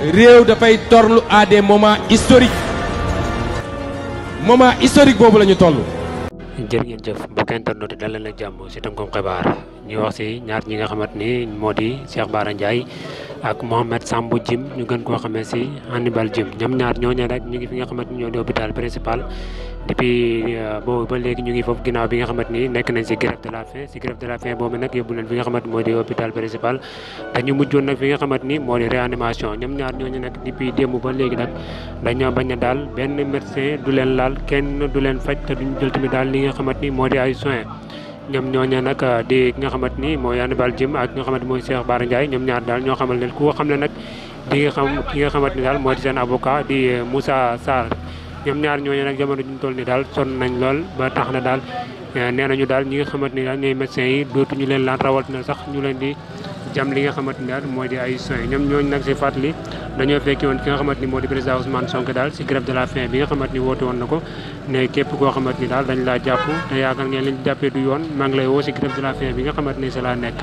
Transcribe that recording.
réew dafay torlu à des moments historiques moment historique boobu la ñu toll. jërë ngeen jëf mbokk internet yi dalal leen ak jàmm si tënkum xibaar ñu wax si ñaar ñi nga xamante ni moo di Cheikh Bara Ndiaye. ak Mohamed Sambou Jim ñu gën koo xamee si Hannibal Jim ñoom ñaar ñooñu rek ñu ngi fi nga xamante ni ñoo di hôpital principal depuis euh, boobu ba léegi ñu ngi foofu ginnaaw bi nga xamante ni nekk nañ si grève de la faim si grève de la faim boobu nag yóbbu leen fi nga xamante ni moo di réanimation ñoom ñaar ñooñu nag depuis démb ba léegi nag dañoo bañ a daal benn médecin du leen laal kenn du leen faj te duñu jël tamit daal li nga xamante ni moo di ay soins ñoom ñooñu nag ah, di ki nga xamante ni mooy Hannibal Djim ak ki nga xamante ni mooy Cheikh Bara Ndiaye ñoom ñaar daal ñoo xamal ne ku xam ne nag di nga xam ki nga xamante ni daal mooy seen avocat di eh, Moussa Sarr ñoom ñaar ñooñu nag jamono ju ñu toll ni daal sonn nañ lool ba tax na daal Euh, nee nañu daal ñi nga xamante ni daal ñooy médecins yi dootuñu leen laan rawat na sax ñu leen di jam li nga xamante ni daal mooy di ay soins ñoom ñooñu nag si fàttali dañoo fekkee woon ki nga xamante ni moo di président Ousmane Sonko daal si grève de la faim bi nga xamante ni woote woon na ko ne képp koo xamante ni daal dañ laa jàpp te yaakaar ngeen lañ jàppee du yoon maa ngi lay woo si grève de la faim bi nga xamante ni sa laa nekk